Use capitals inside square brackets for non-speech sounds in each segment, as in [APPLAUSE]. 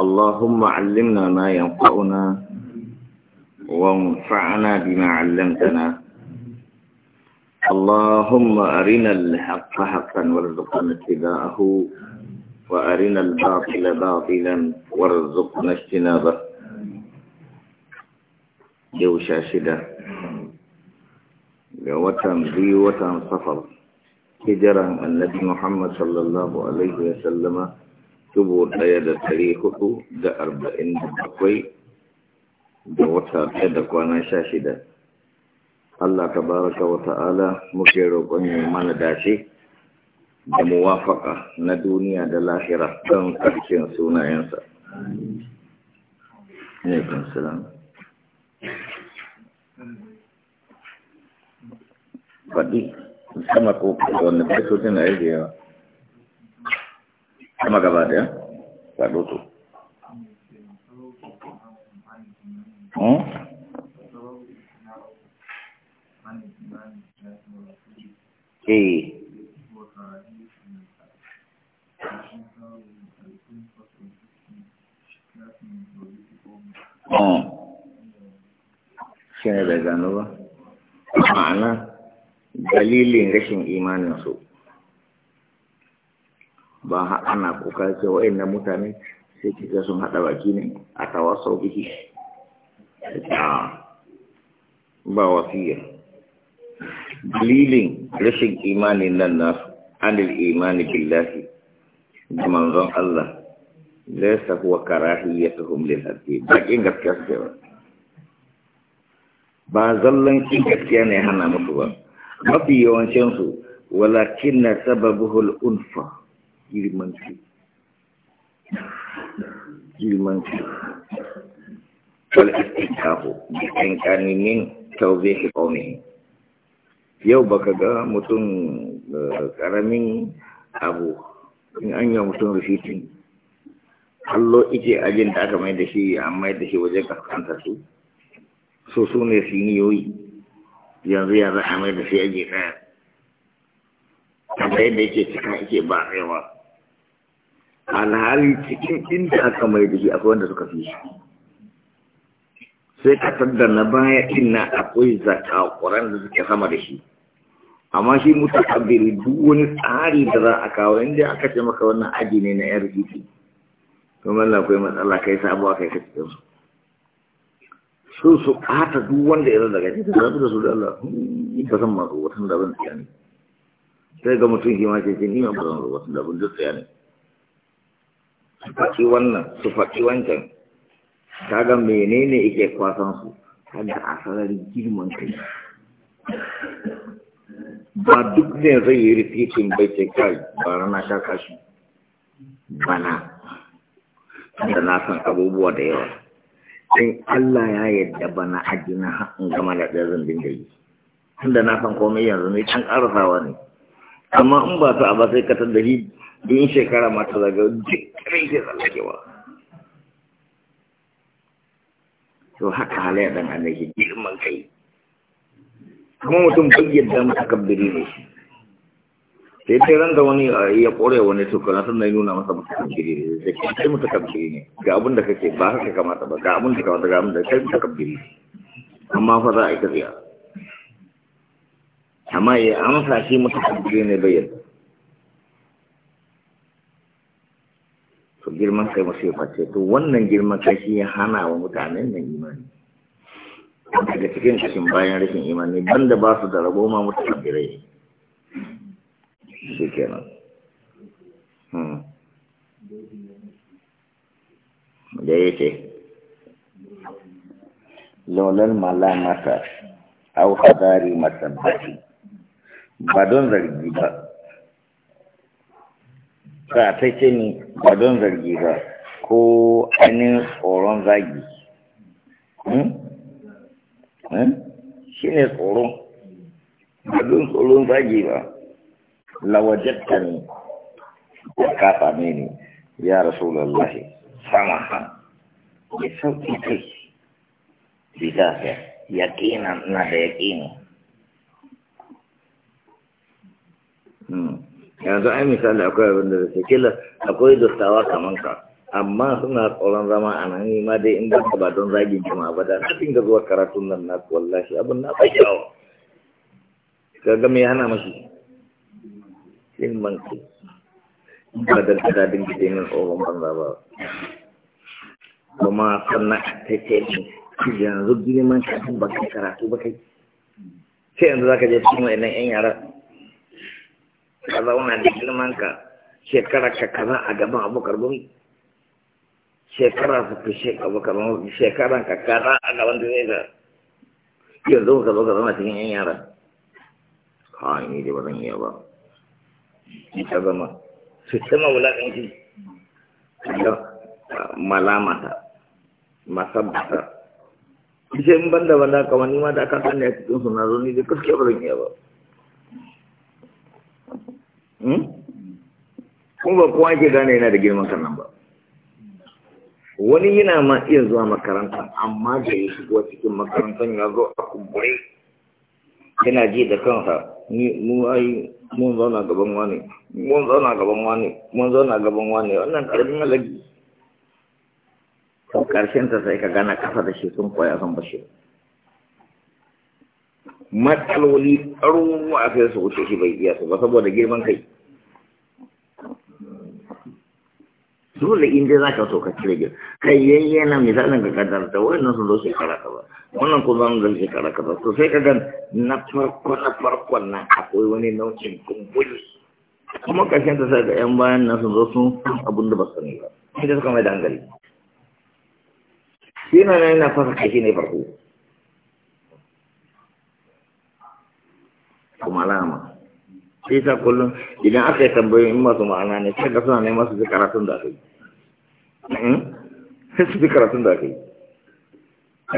اللهم علمنا ما ينفعنا وانفعنا بما علمتنا اللهم أرنا الحق حقا وارزقنا اتباعه وأرنا الباطل باطلا وارزقنا اجتنابه يوشا شاشدة يوتم تنبي وتنصفر صفر هجرا النبي محمد صلى الله عليه وسلم dubu ɗaya da ɗari hudu da arba'in da bakwai da wata ɗaya da kwana sha shida Allah ka baraka wa ta'ala muke roƙon yi mana dace da muwafaka na duniya da lahira don ƙarshen sunayensa. Ne kan Faɗi, sama ko wanda bai tana yi da yawa. sama gaba daya ga doto eh shi ne bai gano ba ma'ana dalilin rashin imaninsu ba ana kuka ce wa'annan mutane sai kika sun haɗa baki ne a tawasau biki ah, ba wasiya dalilin rashin imanin nan nasu anil imani billahi da manzon Allah zai wa laysa huwa karahiyatuhum lil haqqi Baƙin gaskiya suke ba ba zallon kin gaskiya ne hana musu ba mafi yawancinsu. su walakin sababuhu al unfa girman kai girman kai wal'attikahu bikin kaninin tauzihi ƙaunin yau baka ga mutum ƙaramin eh, abu in an yi mutum rufitin Hallo ike ajin da aka mai da shi an mai da shi wajen kaskanta su so su ne siniyoyi yanzu yanzu a mai da shi aji ɗaya kamar yadda yake cika ake ba a yawa alhali cikin inda aka mai da shi akwai wanda suka fi shi sai ka da na baya ina akwai zakakuran da suke sama da shi amma shi mutu abiri duk wani tsari da za a kawo inda aka ce maka wannan aji ne na rgp kuma yana kai matsala kai sabuwa kai ka cikin su su su kata duk wanda ya daga cikin rabu da su da Allah hmm, ba san masu watan da ban tsaya ne sai ga mutum shi ma ce ni ma ba zan da ban tsaya ne su faɗi wannan su faɗi wancan kaga menene yake kwasan su kada a sararin girman kai ba duk ne zai yi rikicin bai ce kai ba rana sha kashi bana da na san abubuwa da yawa in Allah ya yadda bana a na haɗin gama da ɗaya zan dinga yi tunda na san komai yanzu ne can ƙarasawa ne amma in ba su a ba sai ka tattali in shekara mata zaga jikirin ke tsallakewa to haka halayya dan annabi girman kai kuma mutum bai yadda mutakabbiri ne shi sai dai ran da wani ya kore wani tukuna sun san yi nuna masa mutakabbiri ne sai kai mutakabbiri ne ga abin da kake ba haka kamata ba ga abin da kamata ga abin da kai mutakabbiri amma fa za a yi kariya amma ya amsa shi mutakabbiri ne bayyana yadda girman kai yi face to wannan girman kai shi ya hana wa mutanen nan imani daga cikin cikin bayan rashin imani banda ba su da rabo ma mutanen birai shi kenan hmm. da ya ce launar malamata au hadari matabbaci ba don zargi ba ba ta ce ni ba don zargi ba ko ainihin tsoron zagi hmm? Hmm? shi ne tsoron ba don tsoron zagi ba lawajatta ne ya kafa mini ya rasu lallahi sama ha ya sauƙi kai bisa ya yaƙina na da yaƙini hmm. yanzu ai misali akwai abin da zai kila akwai dottawa kaman ka amma suna tsoron zama a nan ni ma dai inda ba ba don zagin jama'a ba da na dinga zuwa karatun nan na wallahi abin na ba yawa kaga me hana mashi sin manki ba da da dinga dinin tsoron banza ba kuma sannan ta ce yanzu girman ka ba kai karatu ba kai sai yanzu za ka je cikin wa'annan yan yara ka zauna da girmanka shekara ka kaza a gaban abokar gumi shekara su fi shek abokar gumi shekaran ka kaza a gaban da zai ga yanzu ka zo ka zama cikin yan yara ha ni da ba zan iya ba ni ta zama su cima wulaƙanci malamata masabbata Bisa ban da wanda kawan ni ma da akan tanya cikin suna zo ni da gaskiya ba zan iya ba. Hmm? kuma ba kowa ke gane yana da girman sannan ba wani yana ma iya zuwa makaranta amma da ya shigo cikin makarantar ya zo a kumbure yana ji da kansa ni mu ai mun zauna gaban wani mun zauna gaban wani mun zauna gaban wani wannan karamin alagi kan karshen ta sai ka gana kafa da shi sun koya san bashi matsaloli a sai su wuce shi bai iya su ba saboda girman kai dole in dai zaka so ka cire gir kai yayi na misalin ka kadar da wannan sun zo shekara ba wannan ko zan zo shekara ba to sai ka ga na farko na farko na akwai wani nau'in kumbuli kuma karshen ta sai ga yan bayan nasu sun zo sun abun da ba su ne ba sai da suka mai da hankali shi na na fasa kashi ne farko kuma alama sai ta kullum idan aka yi tambayoyin masu ma'ana ne sai ka suna neman su ji karatun da aka yi Hmm? sai fi karatun da aka yi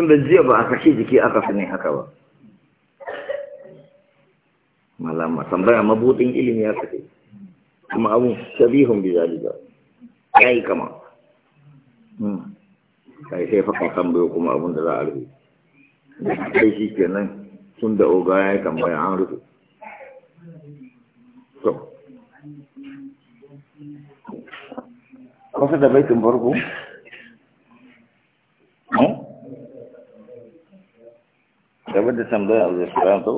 da jiya ba a sake jiki aka sani haka ba malama tambaya mabudin ilimi ya sake kuma abun shabihun bi zalika ya yi kama hmm. kai sai fakan tambayo kuma abun da za a rufe sai shi kenan tun da oga ya yi tambaya an rufe kusa da baitin farko hmm? game da a tambayar alzakiranto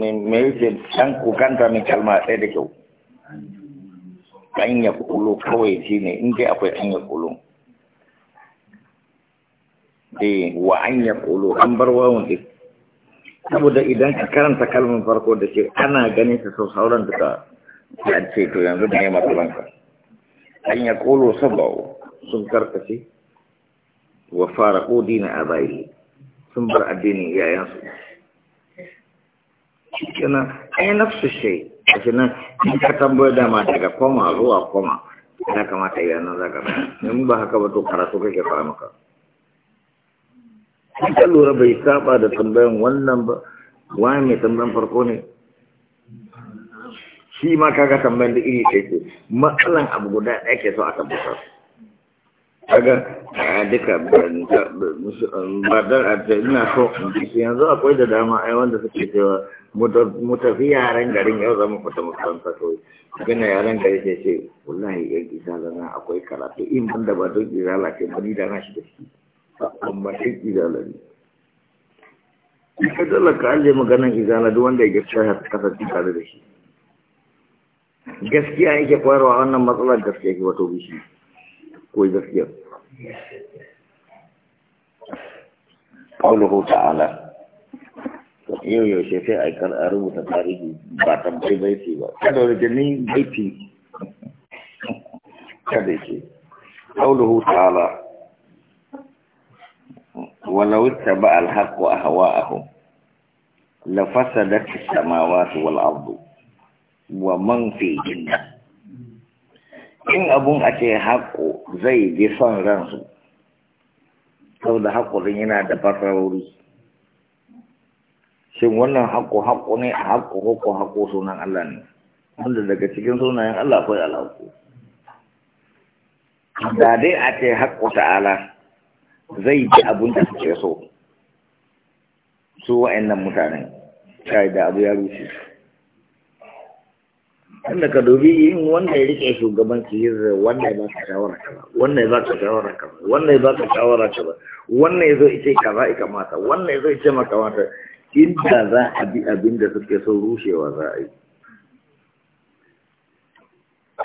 me yake can kukanta min kalma ɗaya da kyau an ya kulo kawai shi ne in dai akwai an ya kulo eh wa an ya kulo an bar wawon ɗin saboda idan ka karanta kalmar farko da ce ana ganin ta sau sauran duka ya ce to yanzu da ya matsalanka an ya kolo saba'u sun karkace wa fara ƙodi na abayi sun bar addinin yayansu kenan ai nafsu shai a kenan in ka tambayar dama daga koma zuwa koma ya kamata ya nan zaka in ba haka ba to karatu kake fara maka in ka lura bai saba da tambayan wannan ba wani mai tambayan farko ne shi ma kaga tambayar da iri ɗaya ce matsalan abu guda ɗaya ke so a tabbatar kaga eh, a duka badar a ina so yanzu akwai da dama ai wanda suke cewa mu tafi yaren garin yau zama fita makaranta kawai gina yaren gari ce ce wallahi yan eh, gisa zana akwai karatu in ban da ba don izala ce bari da na shi da shi amma duk izala ne ka dala ka aje maganan izala duk wanda ya gaskiya ya kasance tare da shi gaskiya yake koyarwa wannan matsalar gaskiya ke wato bishi ko gaskiya قوله ta'ala. yau yaushe sai a kar a rubuta tarihi ba tambayi baiti ba kada wani jini baiti kada ke قوله تعالى ولو اتبع الحق أهواءهم لفسدت السماوات والأرض wa man fi jinna in abun ake ce haƙo zai ji son ransu saboda din yana da fararori shin wannan haƙo haƙo ne a haƙo haƙo haƙo sunan Allah ne wanda daga cikin sunayen Allah akwai alhaƙo da dai a ce haƙo ta'ala zai ji abun da suke so su wa'annan mutanen kai da abu ya rushe su Tunda ka dubi yin wanda ya rike shugabanci yin wanda ya ba ka shawara kaza wanda ya ba ka shawara kaza wanda ya ba ka shawara kaza wanda ya zo ice kaza ya mata wanda ya zo ice maka mata inda za a bi abin da suke so rushewa za a yi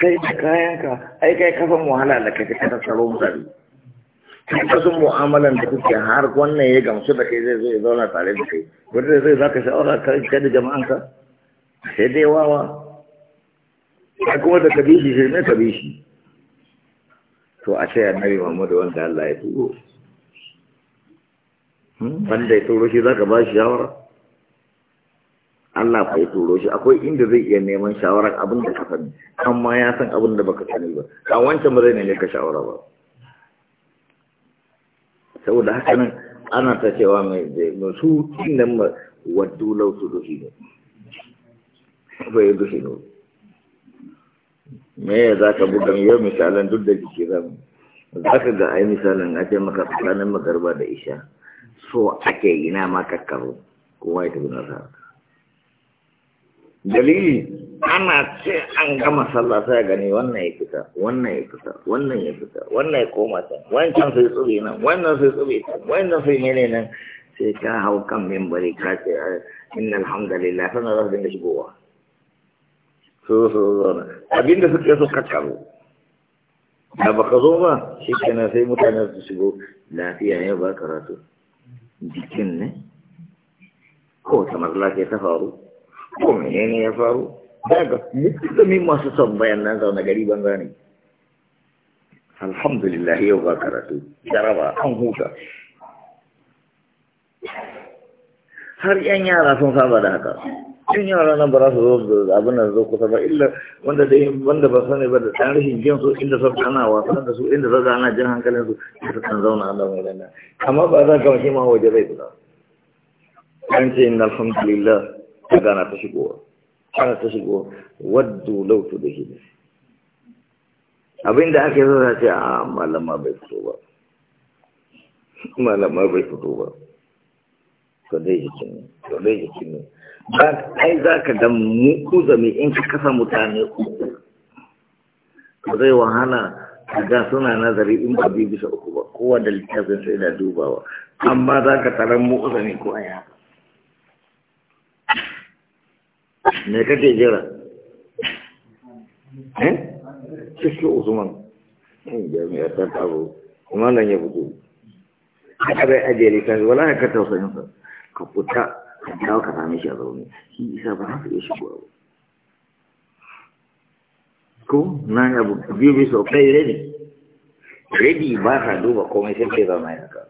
kai da kayanka ai kai kafan wahala da kai ka tsaro mutane ka sun mu'amalan da kuke har wannan ya gamsu da kai zai zo ya zauna tare da kai wanda zai zaka shawara kai da ka sai dai wawa Akwai kuma da kabi shi ne kabi shi to a sai annabi Muhammadu wanda Allah ya turo hmm? wanda ya turo shi zaka ba shi shawara Allah fa ya turo shi akwai inda zai iya neman shawara abin da ka sani amma ya san abin da baka sani ba a wancan ba zai ne ka shawara ba saboda haka nan ana ta cewa mai su inda waddu lautu duhi ne bai duhi ne me za ka buga yau misalan duk da jiki zan za ka ga ai misalin a ce maka tsakanin magarba da isha so ake yi na ma kakkaro kowa ya tafi nasa dalili ana ce an gama sallah sai gani wannan ya fita wannan ya fita wannan ya fita wannan ya koma can wancan sai tsuri nan wannan sai tsuri can wannan sai mene nan sai ka hau kan mimbari ka ce alhamdulillah sannan za su dinga shigowa su su zauna abinda suke so kakkaro da baka zo ba shi kenan sai mutane su shigo lafiya ne ba karatu jikin ne ko ta matsala ke ta faru ko menene ya faru daga mutumin masu son bayan nan zaune gari banza ne alhamdulillah yau ba karatu jaraba an huta har yan yara sun saba da haka in yara nan ba za su zo da abin da zo kusa ba illa wanda dai wanda ba sani ba da tarihin jin su inda sun ana wasa da su inda zaga ana jin hankalin su su kan zauna nan wurin nan amma ba za ka shi ma waje bai kula an ce inna alhamdulillah daga na ta shigowa ana ta shigowa waddu lautu da shi abin da aka yi zai ce a ah, malama bai fito ba malama bai fito ba to dai jikin ne to dai jikin ne ai za ka ga muku zami in ka kasa mutane uku zai wahala ga suna nazari in ba biyu bisa uku ba kowa da littafin sai da dubawa amma za ka taron muku zami ko a yaka me kake jira eh cikin usman jami'ar ta taro kuma nan ya fito haka bai ajiye littafi wala ka tausayin sa ka fita ka dawo ka same shi a zaune shi isa ya shigo abu ko na yi abu biyu biyu sau kai rabi rabi ba ka duba komai sai kai zama ya ka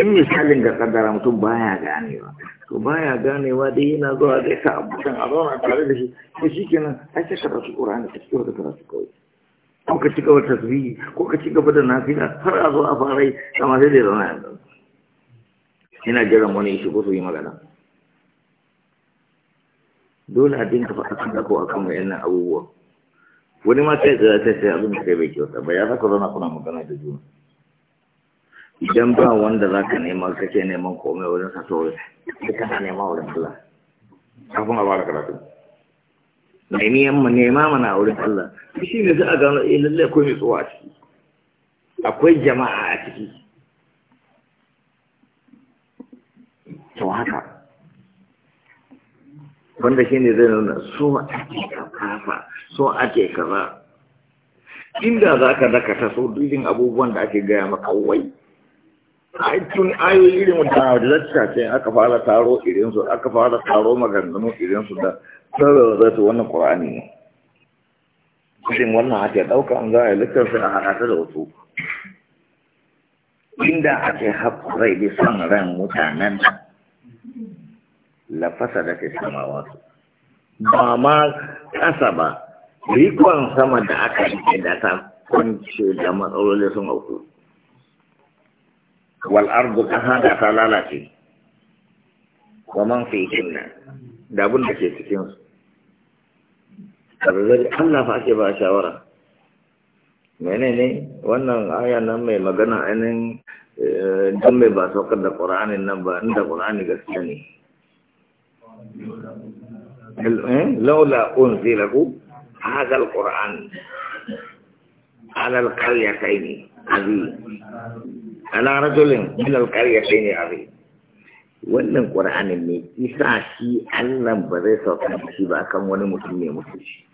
in misalin ga kaddara mutum baya ganewa to baya ganewa dai yana zuwa zai sa a zauna da shi ko shi kenan ai sai karatu ƙura ko ka ci gaba da tasbihi ko ka ci gaba da nafila har a zo a farai, yi kama sai da zauna yanzu ina jiran wani shi ko su yi magana dole a dinka faɗa kan dako akan wayannan abubuwa wani ma sai da ta sai abin da kai bai kyauta ba ya zaka zauna kuna magana da juna idan ba wanda za ka nema kake neman komai wajen sa to kai kana nema wurin Allah kafin a fara karatu mai niyan mu nema mana a wurin Allah shi ne za a gano eh lallai akwai mai tsowa a ciki akwai jama'a a ciki to haka wanda shi ne zai nuna so ake kafafa so ake kaza inda za ka dakata so dukkan abubuwan da ake gaya maka wai ai tun ayoyi irin wanda da zaka ce aka fara taro irin su aka fara taro maganganu irin su da sarrafa da su wannan ƙura'ani ne kusin wannan ake ɗauka an za a yi littarsa a haɗata da wasu inda ake rai da son ran mutanen lafasa da ke sama wasu ba ma ƙasa ba rikon sama da aka rike da ta kwance da matsaloli sun auku wal ardu ƙasa da ta lalace wa man fi da abin da ke cikinsu karzari Allah fa ake ba shawara menene wannan aya nan mai magana ainihin eh, don mai ba saukar da ƙura'anin nan ba inda ƙura'ani gaskiya ne eh, laula unzila ku hadal ƙura'an alal ƙarya kai ne abi ala rajulin alal ƙarya kai ne abi wannan ƙura'anin ne isa shi Allah ba zai saukar da shi ba kan wani mutum mai mutunci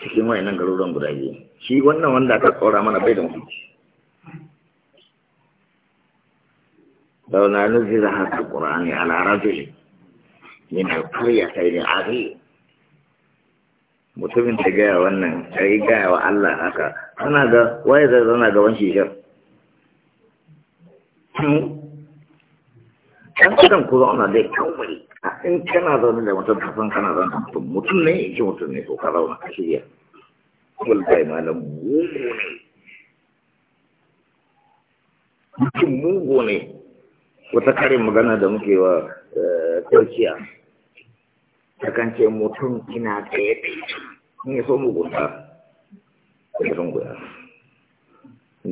cikin wayannan garuruwan guda biyu shi wannan wanda aka tsora mana bai da mutunci za a haka qur'ani ala rajul min ta qaryatayn azim mutumin ta gaya wannan yi gaya wa Allah haka ana ga waye zai zauna gaban shi shar kan hmm? kudan ku zauna dai in kana zaune da mutum ka san kana zaune da mutum mutum ne yake mutum ne to ka zauna ka shirya wallahi malam mugu ne mutum mugu ne wata karin magana da muke wa eh, turkiya ta kan ce mutum ina tsaye da ita in ya so mugunta da sunkuya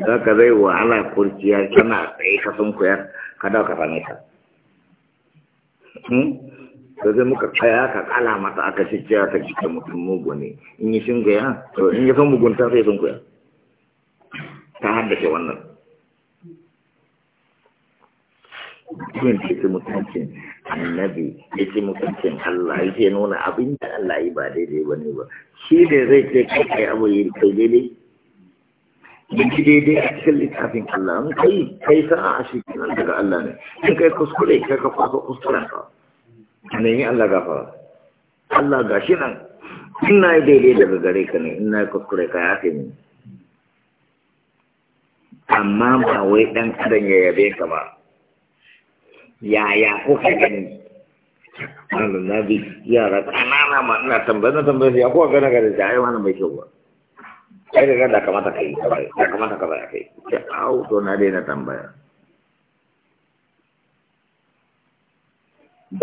za ka zai wahala kurciya kana tsaye ka sunkuya ka dauka ka ta da hmm? zai muka tsaya ka kala mata aka ce cewa ta jike mutum mugu ne in yi shingaya to in yi san mugunta sai sun kuya ta haddace wannan mutumin da ce mutuncin annabi ce mutuncin Allah ce nuna abin da Allah yi ba daidai ba ne ba shi da zai ce kai abu yi kai daidai yanzu daidai a cikin littafin Allah in kai kai sa'a a shi kenan daga Allah ne in kai kuskure kai ka fasa kuskuren ka a Allah gafara Allah ga shi nan in na yi daidai daga gare ka ne in na yi kuskure ka ya fi ni amma ba wai ɗan adam ya yabe ka ba yaya kuka gani Allah na bi yara ƙanana ma ina tambaya na tambaya ya kuka gana ga da jaye wani mai kyau ba kai da da kamata kai da ka baya kai ce to na daina tambaya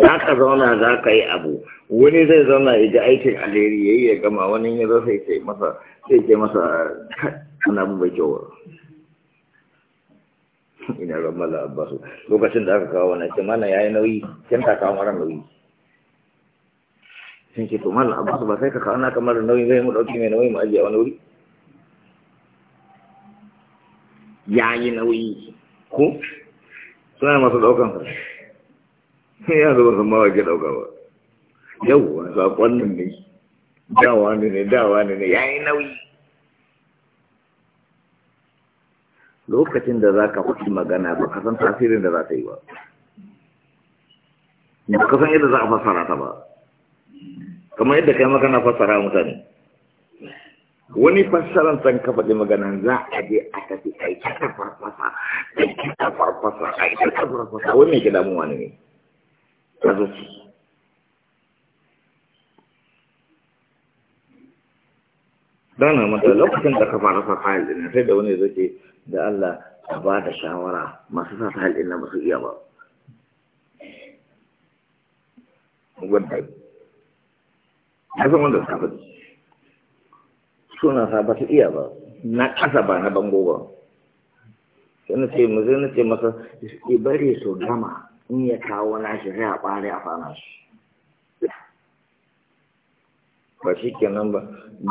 za ka zauna za ka yi abu wani zai zauna ya ji aikin alheri ya yi ya gama wani ya zo sai ce masa sai ce masa Kana abu bai kyau [LAUGHS] ina ramala abbasu lokacin da aka kawo wani ce mana ya yi nauyi kyan ta kawo mara nauyi sun ce to mana abbasu ba sai ka kawo na kamar nauyi zai mu ɗauki mai nauyi mu ajiye wani wuri ya yi nauyi ko suna masu ɗaukan sa ya zuba su mawa ke ɗauka ba wani saƙon nan ne dawa ne ne dawa ne ne ya yi nauyi lokacin da za ka faɗi magana ba ka san tasirin da za ta yi ba ba ka san yadda za a fasara ta ba kamar yadda kai magana fasara mutane wani fassarar san ka faɗi maganan za a je a tafi a ta farfasa a ta farfasa aiki ta farfasa wani yake damuwa ne ta zuci dana mata lokacin da ka fara sa fayil ɗin sai da wani zai da Allah a ba da shawara masu sa fayil ɗin na masu iya ba gudai ya san wanda suka faɗi sunan sa ba ta iya ba na ƙasa ba na bango ba sai na ce mu na ce masa ki bari su gama in ya kawo na shi sai a ɓare a fana shi ba shi kenan ba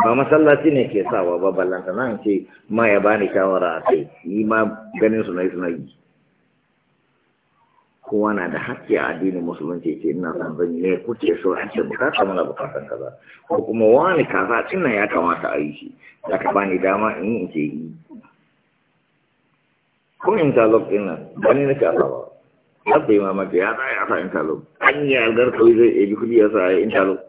ba masallaci ne ke sawa ba ballanta nan ce ma ya bani shawara a kai yi ma ganin su na yi suna yi kowa na da haƙƙi a addinin musulunci ce ina son zan ne kuke so a ce bukata mana bukatan kaza ko kuma wani kaza tun ya kamata a yi shi Ya ka bani dama in yi ce yi ko interlock din nan ba ne nake asa ba har bai mamaki ya tsaya asa interlock an yi algar kawai zai ebi kudi ya sa ya interlock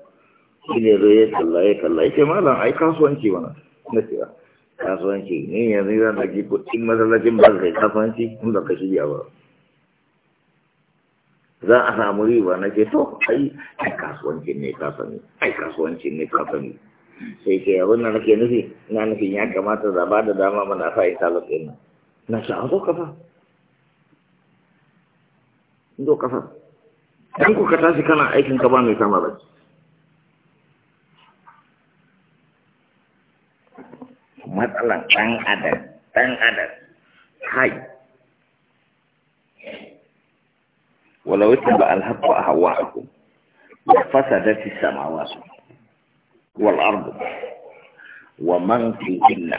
shi ne zai ya kalla ya kalla ya ce malam ai kasuwanci mana na ce ah, kasuwanci ne yanzu zan ɗauki kuɗin masallacin ba zai kasuwanci in ba ka shirya ba za a samu riba na ke to ai ai kasuwancin ne ka sani ai kasuwancin ne ka sani sai ke abin da ke nufi Na nufin ya kamata da ba da dama mana sa ita lokacin nan na ce a zo kafa zo kafa dan ku ka tashi kana aikin ka ba mai sama ba matsalan dan adam dan adam kai ولو اتبع الحق أهواءكم لفسدت السماوات والأرض ومن فيهن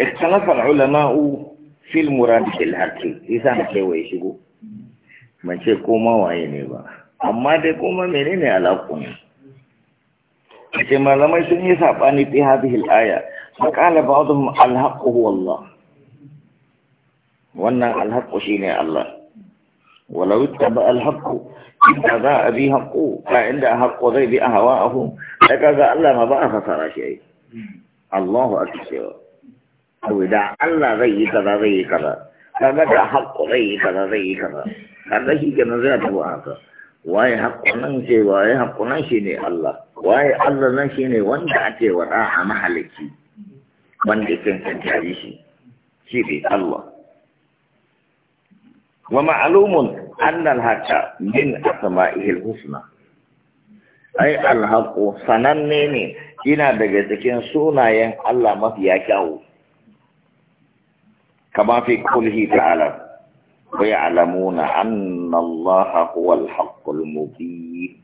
اختلف العلماء في المراد بالحق إذا كيف يشيكو من شيكو ما وعيني با أما ديكو ما على علاقكم كما لم يسن يسابني في هذه الآية فقال بعضهم الحق هو الله وأن الحق شيني الله ولو اتبع الحق إذا ذا أبي حق فعند حق ذي بأهواءه لكذا ألا ما بقى خسر شيء الله أكسر أو دع الله ذي كذا ذي كذا فمدى حق ذي كذا ذي كذا هذا شيء كما ذات هو آخر واي حق ننسي واي حق ننسيني الله واي الله ننسيني وانتعتي وراح محلك وانتعتي وانتعتي وانتعتي وانتعتي وانتعتي وانتعتي wa ma'lumun anna al-haqqa min asma'ihi al-husna ai al-haqqu sananne ne yana daga cikin sunayen Allah mafiya kyau kama fi kulhi ta'ala wa ya'lamuna anna Allah huwa al-haqqul mubin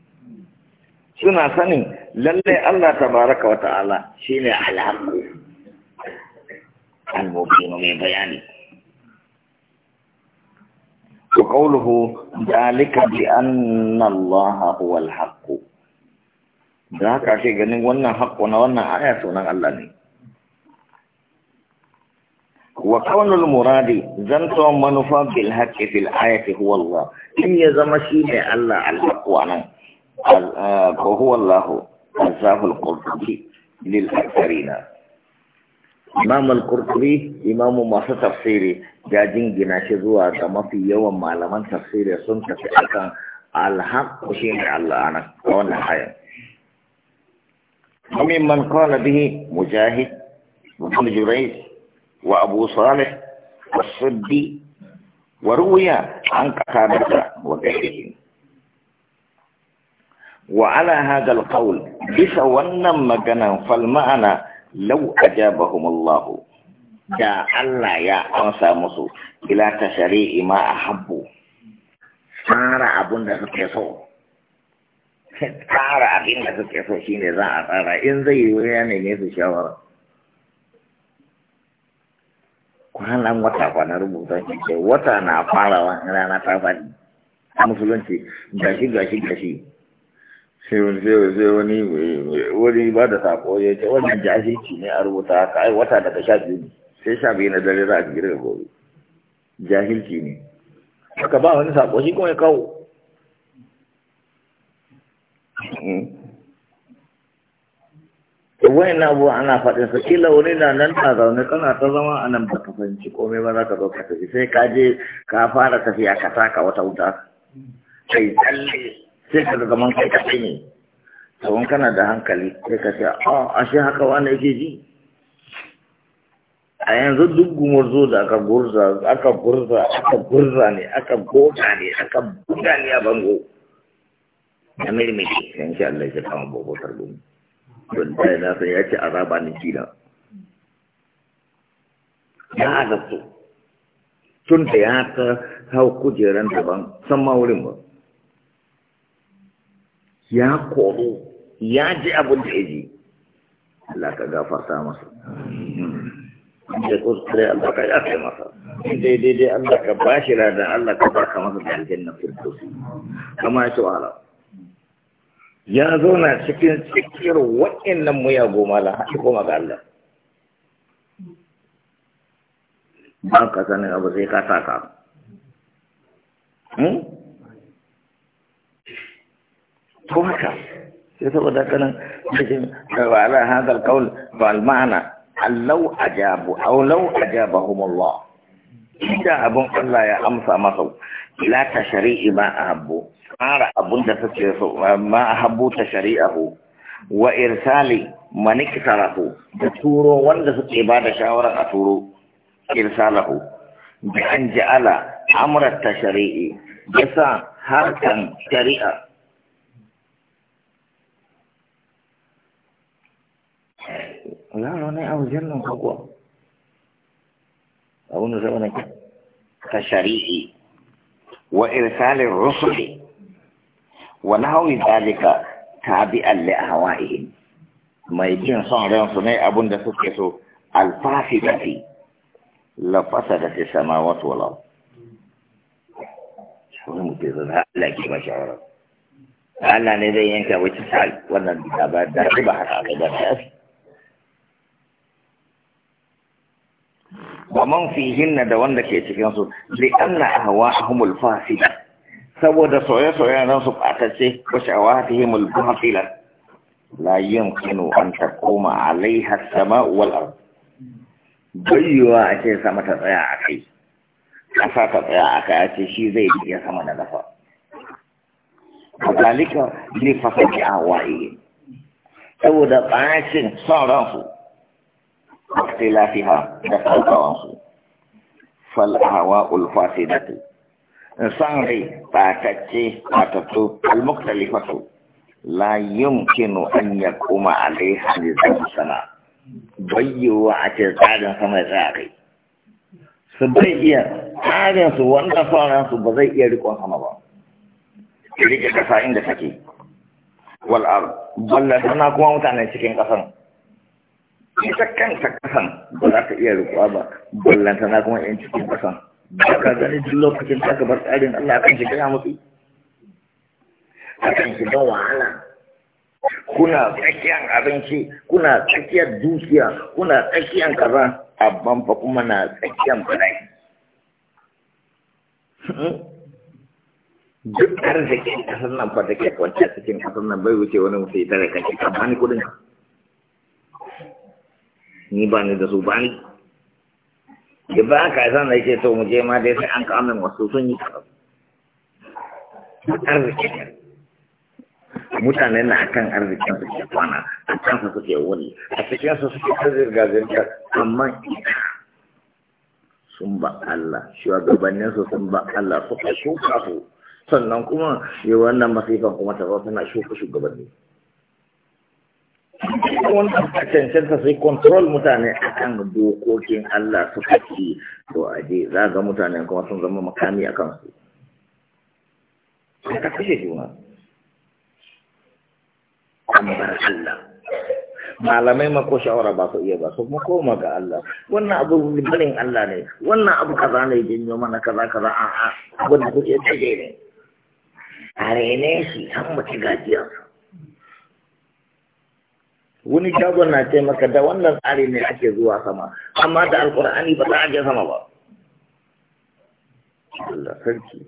suna sanin lalle Allah tabaaraka wa ta'ala shine al-haqqu al-mubin mai bayani wa'uluhu dalika bi anna Allah huwa al-haq da haka ke ganin wannan haƙo wannan aya sunan Allah ne wa kaunul muradi zanto manufa bil haqq fil in ya zama shi ne Allah al-haq wa nan ko huwa Allah lil akthirina imam al-qurtubi imamu masu tafsiri ya jingina shi zuwa ga mafi yawan malaman tafsiri sun tafi akan alhaq shi ne Allah ana wannan hayan ومن من قال به مجاهد وابن جريج وأبو صالح والسدي وروي عن قتادة وغيرهم وعلى هذا القول بسوى النم فالمعنى lau ajabahum Allah da Allah ya amsa musu ila ta ma a habbu tsara abin da suke so tsara abinda da suke so shine za a tsara in zai yi wuya ne ne su shawara kwanan wata kwanan rubuta shi ce wata na farawa rana ta faɗi a musulunci gashi gashi gashi sai wani wani ba da sako ya ce wannan jahilci ne a rubuta haka ai wata daga sha biyu ne sai sha biyu na dare za a jira da gobe jahilci ne haka ba wani sako shi kuma ya kawo wani na abuwa ana faɗin su kila wani na nan ta zaune kana ta zama a nan ba ka fahimci komai ba za ka zo ka tafi sai ka je ka fara tafiya ka taka wata wuta kai tsalle sai ka zaman kai ka ne tsawon kana da hankali sai ka ce a ah, ashe haka wani yake ji a yanzu duk zo da aka gurza aka gurza aka gurza ne aka goga ne aka buga ne a bango na mirmiki sai insha Allah ya kama bobotar gumi don da na san ya ce azaba ni kila ya azabtu tun da ya ta hau kujeran daban san ma wurin ba ya koro ya ji abin da ya ji Allah ka gafarta masa ko kuskure Allah ka kai masa dai dai dai Allah ka bashi ladan Allah ka barka masa da aljanna firdausi kama ya ala ya zauna cikin mu waɗannan goma la haɗi goma ga Allah ba ka sanin abu sai ka taka hmm? ko haka sai saboda kanan cikin ala hadal qaul fal ma'ana allau ajabu aw law ajabahum Allah inda abun Allah ya amsa masa la ta shari'i ma ahabbu fara abun da take so ma ahabbu ta shari'ahu wa irsali man iktarahu da turo wanda suke ba da shawarar a turo irsalahu bi an ja'ala amra ta shari'i yasa harkan shari'a yaro ne a wajen nan kuwa abin da zama ka ka shari'i wa irsalin rusuli wa nahawi zalika tabi'an li ahwa'ihim mai jin son ransu ne abin da suke so alfasidati la fasadati samawati wal ard wani mutum zai Allah ke ba shawara Allah ne zai yanka wacce wannan da ba da ba haka da ta ومن فيهن ده وان ده كي تكنسو لأن أهواهم الفاسدة سوى ده سوية سوية نصب أتسه وشعواتهم البهطلة لا يمكن أن تقوم عليها السماء والأرض بيوا أتي سما تضيع أكي أسا تضيع أكي أتي شي زي دي سما ندفع وذلك لفصل أهوائهم سوى ده طعاشن صار رنصو da واختلافها دخلت وانصر فالأهواء الفاسدة san rai batacce batattu almuktalifatu la yumkinu an ya kuma alai hadisan sana bayyowa a ce tsarin sama ya tsaya kai su bai iya tsarin su wanda sauran su ba zai iya rikon sama ba rike kasa inda take wal ar balla sana kuma mutanen cikin kasan ita kanta kasan ba za ka iya rikuwa ba ballanta na kuma yan cikin kasan ba ka gani duk lokacin da gabar tsarin Allah kan shi kana mutu akan shi ba wahala kuna tsakiyar abinci kuna tsakiyar dukiya kuna tsakiyar kaza abban fa kuma na tsakiyar bala'i hmm? duk arzikin kasar nan fa da ke kwanciya cikin kasar nan bai wuce wani mutu ya tare kan shi kamar ni kudin ka ni ba ni da su ba ni da ba ka zan da yake to mu je ma dai sai an ka amin wasu sun yi arziki mutane na kan arzikin su ke kwana a kan su suke wani a cikin su suke ta zirga zirga amma sun ba Allah shugabannin su sun ba Allah suka shuka su sannan kuma yi wannan masifan kuma ta zo suna shuka shugabanni wani wannan a cancanta sai control mutane a kan dokokin Allah su ci to a je za ga mutane kuma sun zama makami a kansu ka kashe juna an bar Allah malamai ma ko shawara ba su iya ba su kuma koma ga Allah wannan abu barin Allah ne wannan abu kaza ne janyo mana kaza kaza a a abin da kuke tsaye ne a rene shi an mutu gajiyarsa wani shagon na ce maka da wannan tsari ne ake zuwa sama amma da alkur'ani ba za a je sama ba Allah sarki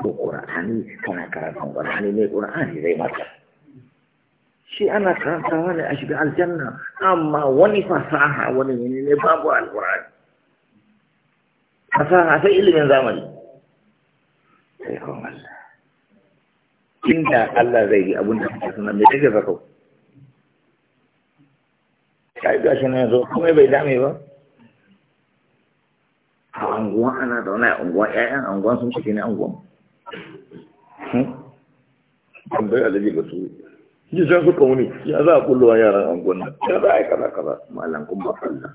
ko ƙur'ani kana karatun ƙur'ani ne ƙur'ani zai maka shi ana karantawa ne a shiga aljanna amma wani fasaha wani wani ne babu alkur'ani fasaha sai ilimin zamani sai kuma Allah inda Allah zai yi abin da kake sanar me kake zakau kai ga shi ne zo kuma bai dame ba a anguwa ana da wani anguwa ƴaƴan anguwa sun kuke ne anguwa hmm? bai alaji ga su ji san su wuni ya za a kullowa yaran anguwan nan ya za a yi kaza kaza malam kun ba Allah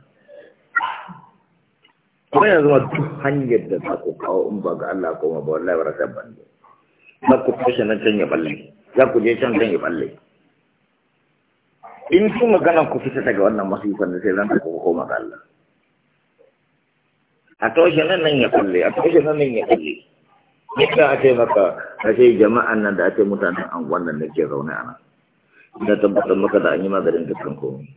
kuma yanzu ma duk hanyar da za ku kawo in ba ga Allah kuma ba wallahi ba rasa ban za ku kashe nan can ya balle za ku je can can ya balle in ji magana ku fita daga wannan masifan da sai zanta ku koma ga Allah a shi nan nan ya kulle a shi nan nan ya kulle yadda a maka a ce jama'an nan da a mutanen an wannan da ke zaune a nan da tabbatar maka da an yi maganin dukkan komai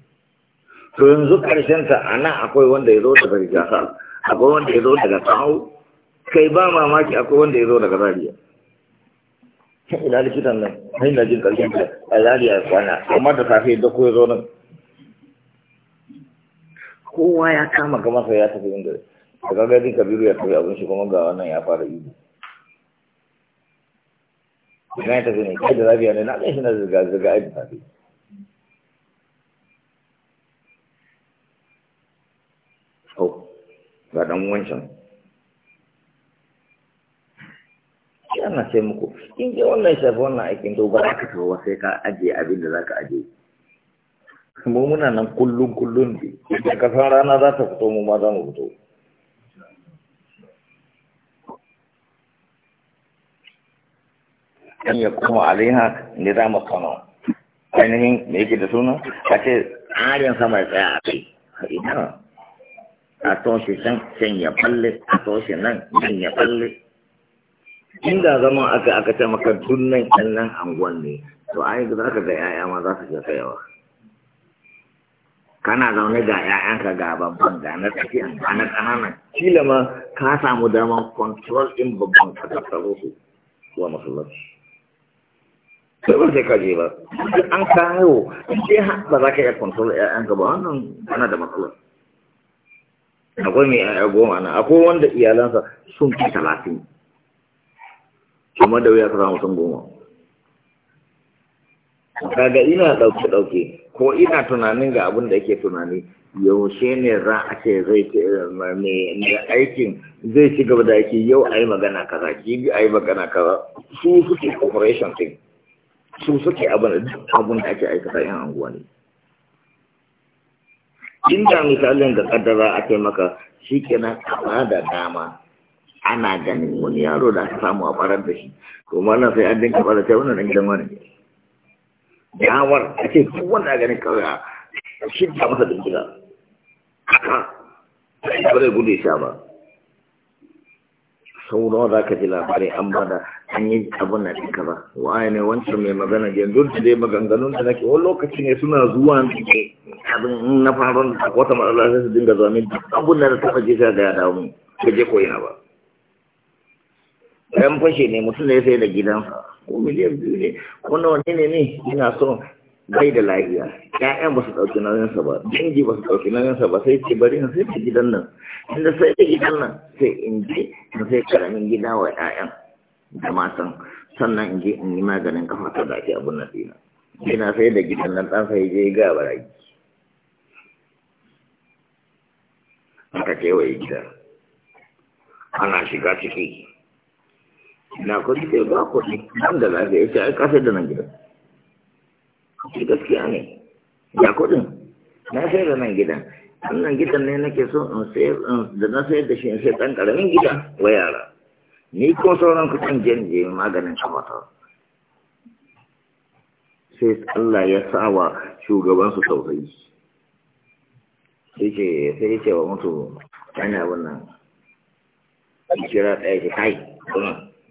to yanzu karshen ta a nan akwai wanda ya zo daga rijasa akwai wanda ya zo daga tsawo kai ba mamaki akwai wanda ya zo daga zariya [LAUGHS] ina likitan nan sai na jin ƙarfin da a zari a kwana amma da safe da ko ya zo nan kowa ya kama ga masa ya tafi inda da kaga din kabiru ya tafi abin shi kuma ga wannan ya fara yi ina tafi ne kai da zabiya ne na kai shi na zirga zirga ai da safe to ga dan wancan ana ce muku in ji wannan shafi wannan aikin to ba za ka tawo sai ka ajiye abin da za ka ajiye mu muna nan kullum kullum ne da san rana za ta fito mu ma za mu fito in ya kuma alaiha ne za mu kano ainihin me yake da suna a ce tsarin sama ya tsaya a kai ina a toshe can can ya falle a toshe nan can ya falle inda zama aka aka ce maka dunnan yan nan anguwan ne to ai za ka ga yaya ma za su ga yawa kana zaune ga yayanka ga babban ga na tsakiyan ga na kila ma ka samu daman control din babban ka tsaro su zuwa masallaci sai ba sai ka je ba an kawo sai ba za ka iya control yayanka ba wannan ana da matsala akwai mai yaya goma na akwai wanda iyalansa sun fi talatin kuma da wuya ka samu sun goma kaga ina ɗauke ɗauke ko ina tunanin ga abin da yake tunani yaushe ne za a ce zai mai aikin zai ci gaba da aiki yau a yi magana kaza bi a yi magana kaza su suke operation thing, su suke abin da ake aikata yan anguwa ne inda misalin da kaddara a taimaka, maka shi kenan a da dama ana ganin wani yaro da aka samu a barar da shi to mana sai an dinka barar ta wannan gidan wani jawar a ce duk wanda a ganin kawai a shi ta masa dinkiga haka ba zai gudu sha ba sau nawa za ka ji labarai an ba da an yi abin na dinka ba waye ne wancan mai magana yanzu da dai maganganun da nake wani lokaci ne suna zuwa ne abin na faron da wata matsala sai su dinga zuwa min abin da ta taɓa jisa ga ya dawo mu ka je koyina ba ran fashe ne mutum ne sai da gidansa ko miliyan biyu ne ko nawa ne ne ne ina so bai da lafiya ƴaƴan ba su ɗauki nauyinsa ba dangi ba su ɗauki nauyinsa ba sai ce bari na sai da gidan nan inda sai da gidan nan sai in je na sai karamin gida wa ƴaƴan da matan sannan in je in yi maganin kafa ta da ake abin na dina ina sai da gidan nan ɗan sai je ga baraki aka kewaye gida ana shiga ciki na kuɗi sai ba kuɗi nan da lafiya ya ce ai kasar da nan gidan shi gaskiya ne ya kuɗin na sayar da nan gidan wannan gidan ne nake so in sayar da na sayar da shi in sayar ɗan ƙaramin gida wa yara ni ko sauran kuɗin jan je maganin kamata sai Allah ya sa wa shugabansu tausayi sai ce sai ce wa mutu ana wannan kira ɗaya ce kai kuma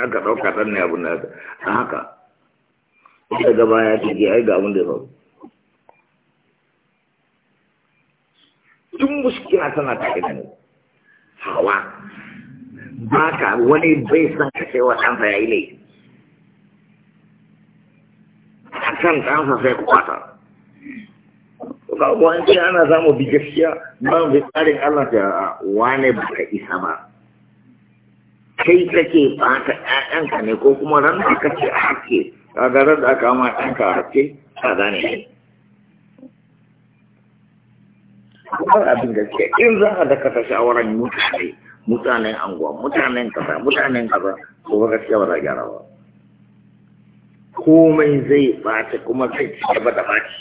haka ɗauka ɗan ne abin da a haka gaba ya ce ke ai ga abin da ya faru tun muskila tana ta ina ne hawa ba ka wani bai san ka sai wa ɗansa ya yi ne a kan ɗansa sai kwata ga wani ana samu bi gaskiya ba bi tsarin Allah ta wane ba ka isa ba kai kake bata ƴaƴanka ne ko kuma ran da ce a hakke ga ran da ka ma ɗanka a hakke tsada ne kuma abin ke in za a dakata shawarar mutane mutanen anguwa mutanen kaza mutanen kaza ko ba gaskiya ba za a gyara ba komai zai bata kuma zai ci gaba da baci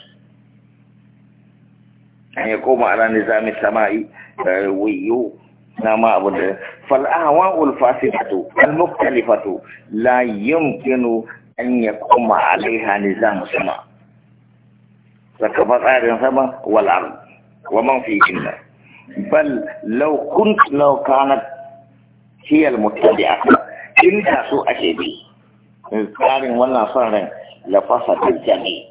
an ya koma mu nizamin sama'i da wayo نعم أبو فالأهواء الفاسدة المختلفة لا يمكن أن يقوم عليها نظام السماء فكفت آية السماء والأرض ومن فيهن بل لو كنت لو كانت هي المتبعة إن تسوء شيء tsarin wannan ولا rai لفصل الجميع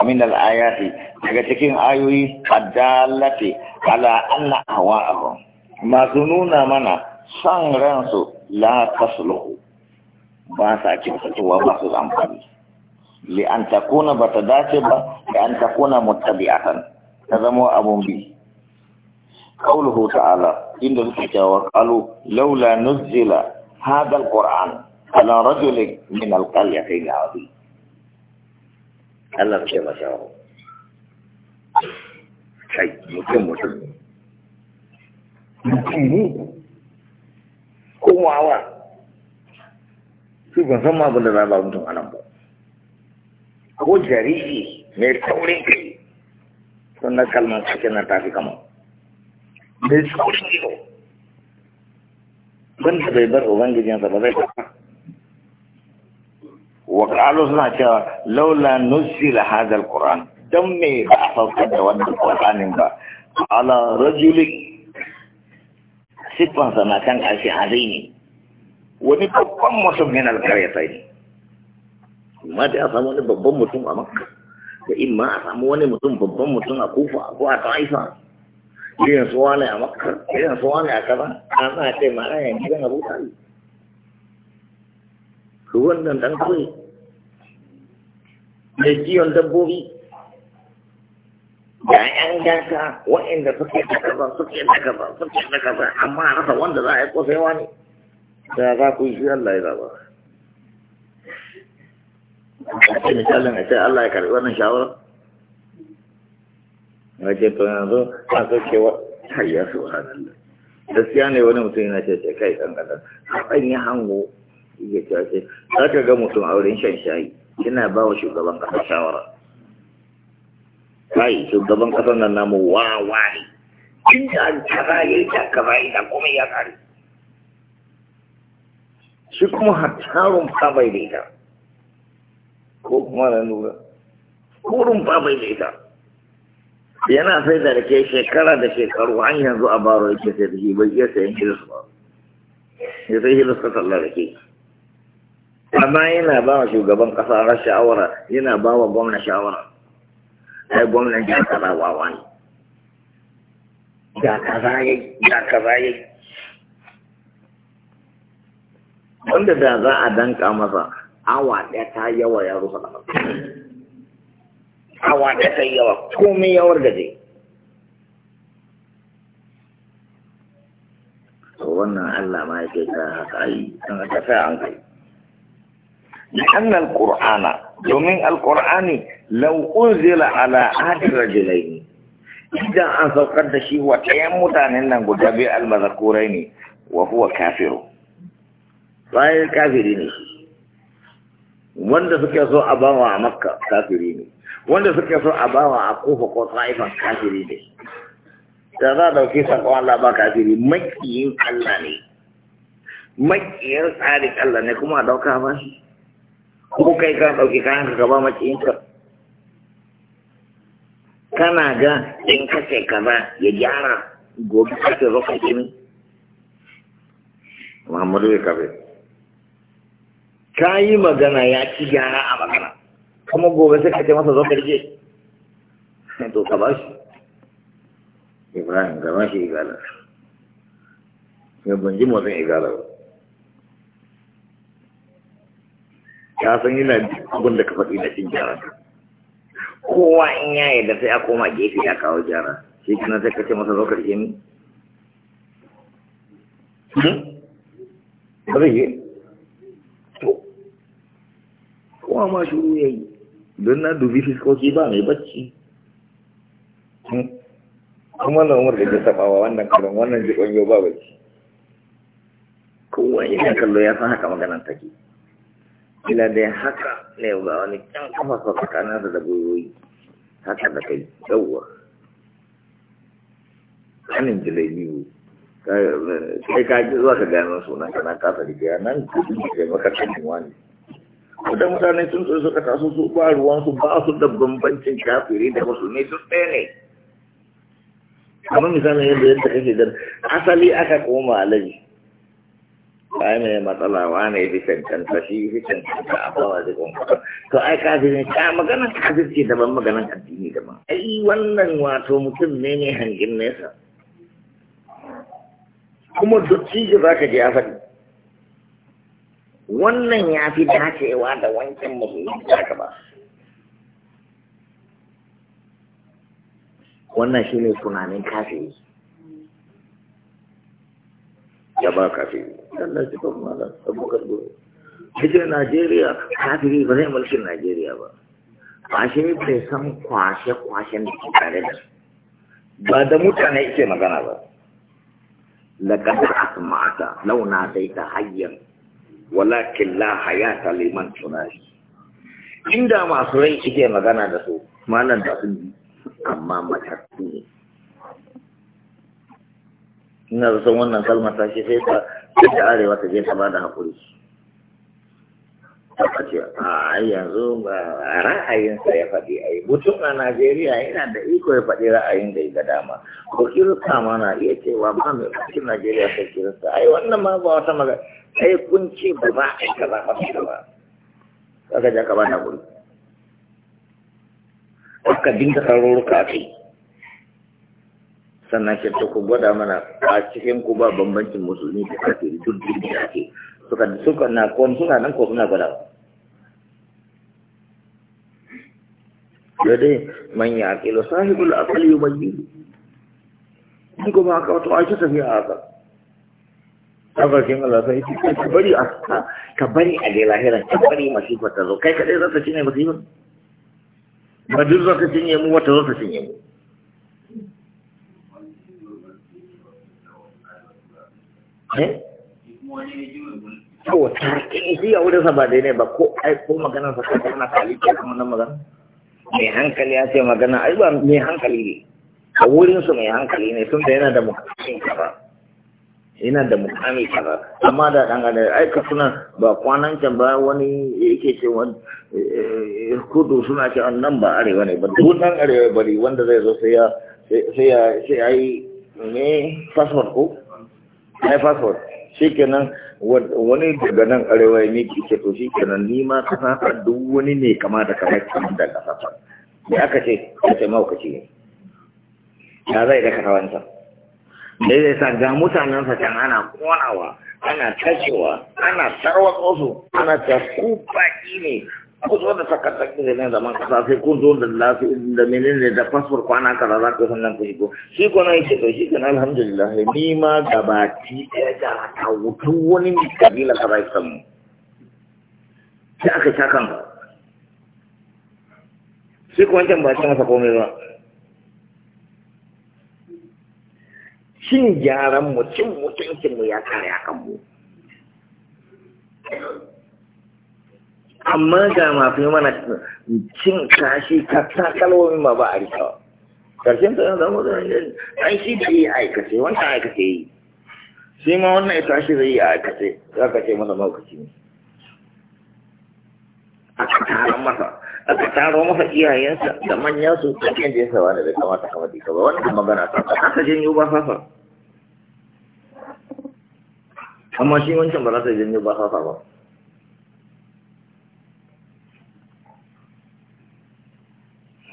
ومن الآيات تكتكين آيوي الدالة على أن أهواءهم ما ظنون منا سنغرانسو لا تصلح ba sa cewa ba su amfani li an takuna ba ta dace ba da an takuna mutabi'atan ta zama abun bi qauluhu ta'ala inda suke cewa qalu laula nuzila hadha alquran ala rajulin min alqaryatayn azim Allah ke masa wa. kai mutum mutum mutum ne kuma wa su ban san ma da za ba a nan ba ko jariri mai taurin kai sun na kalmar cikin na tafi kama mai taurin ido wanda bai bar ubangijinsa ba zai ta wa qalu suna cewa laula nusila hadha alquran dan me ba a saukar da wannan qur'anin ba ala rajuli sifan sana kan ashi hadaini wani babban mutum yana alkaryatai amma da a samu wani babban mutum a makka da ma a samu wani mutum babban mutum a kufa ko a ta'ifa irin su wani a makka irin su wani a kaza an sa ce ma'ana yanzu zan abu talib wannan dan kawai mai kiyon dabbobi da ‘yan gata wa'inda suke da kaza suke da kaza suke da kaza amma a rasa wanda za a yi kosaiwa ne da za ku yi shi Allah ya zaba a ce misalin a ce Allah ya karɓi wannan shawara na ce to yanzu a ke wa hayya su wa hannun gaskiya ne wani mutum yana ce ce kai ɗan ƙasar a ɗanyen yi hango ya ce ce za ka ga mutum a wurin shan shayi kina ba wa shugaban kasa shawara kai shugaban kasa nan namu wawa ne kin da an tara yayi da kaza yi kuma ya kare shi kuma hattarun fa bai da ita ko kuma na nura kurun fa bai da ita yana sai da ke shekara da shekaru an yanzu a baro yake sai da shi bai iya sayan kiris ba ya sai hilis ka ke? rake amma yana ba wa shugaban kasa shawara yana ba wa gwamna shawara ai gwamnan ya kaza wa ne ya kaza ya ya kaza ya wanda da za a danka masa awa ɗaya ta yawa ya rusa da awa ɗaya ta yawa komai yawar gaje to wannan allah ma ya ka ta haka ai an ka sa an kai لأن القرآن يومين القرآن لو أنزل على أحد الرجلين إذا أنزل قد شيء وتيمت عن أنه جميع المذكورين وهو كافر غير كافرين wanda suke so a bawa a makka kafiri ne wanda suke so a bawa a kofa ko tsaifan kafiri ne da za a dauki sakon Allah ba kafiri makiyin Allah ne ne kuma a dauka ba ko kai ka ɗauki kayan ka ba gaba maciyinka kana ga in ka kace kaza ya gyara gobe kace zo ka kimi Muhammadu ya kabe ka yi magana ya ci gyara a magana kuma gobe sai kace masa zo ka rike [LAUGHS] to ka ba shi Ibrahim ka ba shi igala ya ban ji motsin igala ba ka san yana abin da ka faɗi na cin gyara kowa in ya yi da sai a koma gefe ya kawo gyara shi kana sai kace masa zo karshe ne hmm? ba zai yi to kowa ma shuru ya yi don na dubi fiskoki ba mai bacci hmm? kuma na umar da ta tabawa wannan karon wannan jikon yau ba bacci kowa yana kallo ya san haka maganan take ila da haka ne ba wani can kafa sa tsakanin da dabbobi haka da kai yawwa kanin jilabiyu kai ka ji zuwa ka gano suna kana kasa rigiya nan kudin da kai maka kanin wani wadda mutane sun tsoye suka taso su ba ruwansu ba su da bambancin kafiri da musulmi sun ɗaya ne kamar misalin yadda yadda kake gani asali aka koma alaji ai mai matsala wane ya fi cancanta shi fi cancanta a bawa zai kuma to ai ne ta maganan ce daban maganan addini daban ai wannan wato mutum ne ne hangin nesa kuma duk cije za ka je a faɗi wannan ya fi dacewa da wancan musulmi da ka ba wannan shi ne tunanin kafin ya ba kafin. Allah shi kan mala abokan gobe. Hijir Najeriya, kafiri ba zai mulkin Najeriya ba. Kwashe bai san kwashe-kwashen da ke tare da Ba da mutane ke magana ba. Lagasar asma'ata launa dai ta hanyar walakin la haya ta Inda masu rai ike magana da su, malan da sun bi, amma matattu ne. ina da son wannan kalmar ta ce sai ta sai ta arewa ta je ta ba da haƙuri ta ce a yanzu ba ra'ayinsa ya faɗi a yi mutum a najeriya yana da iko ya faɗi ra'ayin da ya ga dama ko kirista ma na iya cewa ba mai faɗin najeriya sai kirista ai wannan ma ba wata magana Sai kun ce ba za a yi kaza ba su ba kaga ja ka ba da haƙuri aka dinga karuruka a kai sannan ke ku gwada mana a cikin ku ba bambancin musulmi da kafir duk da ake suka suka na kon suna nan ko suna gwada yadda man ya kilo sahibul akal yubayyin in kuma ka wato a cikin tafiya haka kin Allah sai ci ka bari a ka bari a ga lahira ka bari masifa ta zo kai kadai za ta cinye masifa. ba za ta cinye mu wata za ta cinye mu eh to sarki shi a wurinsa ba dai ne ba ko ai ko maganar sa kai kana kali ke kuma nan magana mai hankali ya ce magana ai ba mai hankali ne a su mai hankali ne tun da yana da mukamin kaza yana da mukami kaza amma da dangane ai ka suna ba kwanan can ba wani yake ce wani eh, eh, kudu suna ce an ah, nan ba arewa ne ba duk nan arewa bari wanda zai zo sai ya sai ya sai ai me passport ko ai shi kenan wani daga nan arewa ya miki ce to shikenan ni ma ka ta duk wani ne kama da kama kamar da ka ta aka ce ka ce maukaci ne ya zai da kawanta. da zai sa ga mutanen sa can ana konawa ana tashewa ana tarwatsa su ana ta ku baki ne ku zo da takardar izinin zaman kasa sai kun zo da lafi da menene da fasfor kwana kaza za ku san nan ku ko shi ko na yake to shi kan alhamdulillah ni ma gabati ɗaya da ta wutu wani kabila kaza ya samu sai aka sha kan shi ko wancan ba shi sa komai ba shin gyaran mu cin mutuncin mu ya kare akan mu amma ga mafi mana cin kashi ka ta kalmomin ma ba a rikawa karshen ta yanzu zama zan yi shi da yi aikace wanda aikace yi shi ma wannan ya tashi zai yi aikace za ka ce masa maukaci ne aka taro masa aka taro masa iyayensa da manya su kakken da ya sawa da kamata kamar dika ba wannan magana ta aka janyo ba sasa amma shi wancan ba za ta janyo ba sasa ba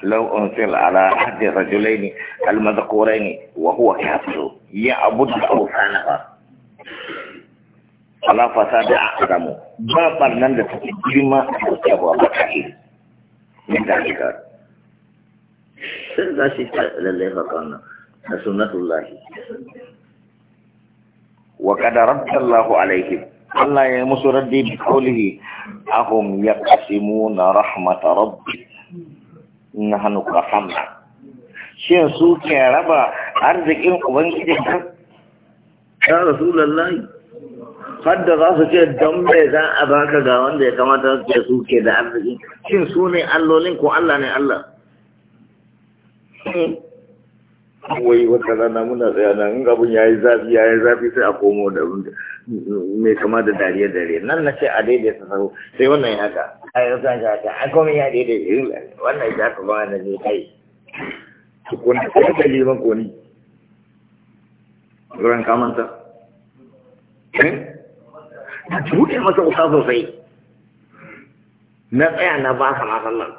لو أنزل على أحد الرجلين المذكورين وهو كافر يعبد أوثانها على فساد أعظم بابا نند تجمع أبو بكر من ذلك سيدا شيء لله فقالنا سنة الله وقد رد الله عليهم الله يمس ردي بقوله أهم يقسمون رحمة ربي na hannu kwasamna shin su ke raba arzikin ubangijin ka ya lallai. hadda za su ce don bai za a baka ga wanda ya kamata ke su ke da arziki shin su ne allolin ko allah ne allah wai wata rana muna tsaya nan in abun ya yi zafi ya yi zafi sai a komo da mai kama da dariya dariya nan na ce a ta sahu sai wannan ya haka a rukan ja ta ai komai ya daidai irin wannan ya ka ba eh? na zai kai tukun da kai da liman koni ruran kamanta na tuɗe masa kusa sosai na tsaya na ba ka masan nan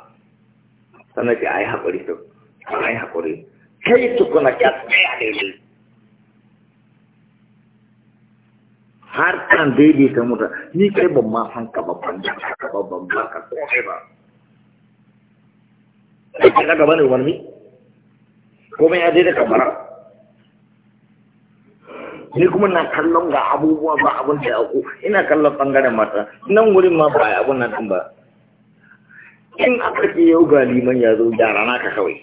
sannan a yi haƙuri to ai haƙuri kai tukuna ya tsaya daidai har kan daidaita mutu ni kai ban ma san ka babban da ka babban ba ka kai ba kai ka gaba ne wani komai ya daidaita fara? ni kuma na kallon ga abubuwa ba abin da ku ina kallon bangaren mata nan wurin ma ba abin nan ba in aka ce yau ga liman ya zo gyara ka kawai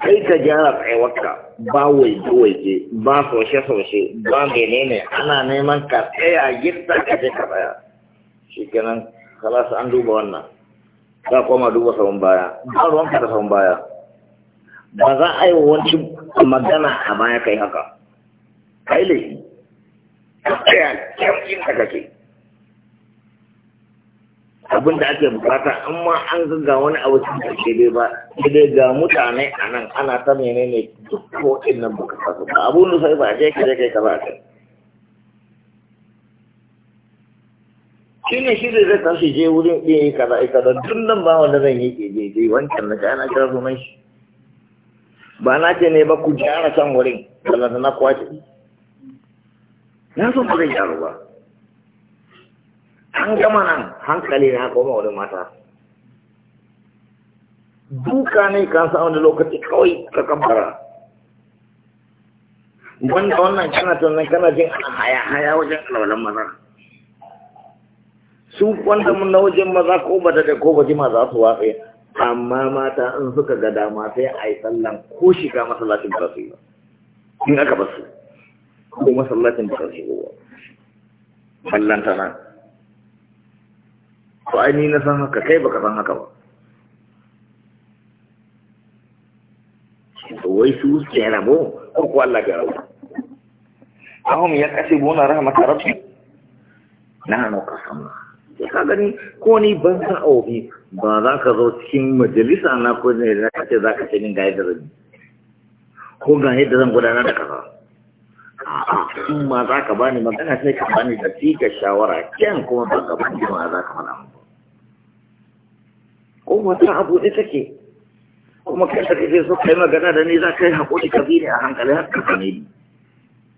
kai ka gyara tsayuwarka ba waje waje ba soshe soshe ba menene ana neman ka tsaya gidda ka je ka tsaya shi kenan kalasa an duba wannan za koma duba saman baya ba ruwanka da saman baya ba za a yi wancin magana a baya kai haka kai laifi ka tsaya kyau inda kake abin da ake bukata in ma an ga wani abu cikin ake dai ba sai dai ga mutane a nan ana ta menene duk ko nan bukata su ba abu nusa ba je ka je kai ka ba ka shi ne shi zai zai tashi je wurin ɗin yi kaza ita da duk nan ba wanda zan yi ke je wancan na ka ana kira mai shi ba na ce ne ba ku gyara can wurin balanta na kwace na so ba zai gyaru ba an gama nan hankali na koma wani mata duka ne kan sa wani lokaci kawai ka kambara wanda wannan kana tunan kana jin ana haya haya wajen alwalan maza su wanda mun na wajen maza ko ba da ko ba jima za su watsa amma mata in suka ga dama sai a yi sallan ko shiga masallacin ba su yi ba in aka basu ko masallacin ba su yi ba na ko ai ni na san haka kai baka san haka ba to wai su ke rabo ko ko Allah ga rabo ahum yakasibuna rahmat rabbi Na qasamna ka Ya gani ko ni ban sa obi ba za ka zo cikin majalisa na ko ne za ka ce za ka ce min ga yadda zan ko ga yadda zan gudanar da kafa in ma za ka bani magana sai ka bani da fi shawara kyan kuma ba ka bani ma za ka faɗa ko ta abu buɗe take kuma kai da kake so kai magana da ni za ka yi haƙuri ka bi ne a hankali har ka kame ni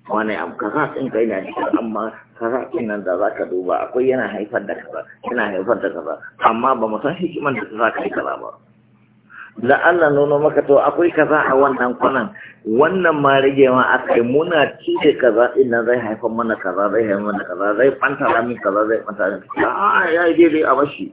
wani abu kaza ka kai na cikin amma kaza ka nan da za ka duba akwai yana haifar da kaza yana haifar da kaza amma ba mu san hikiman da za ka yi kaza ba da Allah nono maka to akwai kaza a wannan kwanan wannan ma rage ma yi. muna cike kaza din nan zai haifar mana kaza zai haifar mana kaza zai fanta min kaza zai fanta min a ya yi daidai a bashi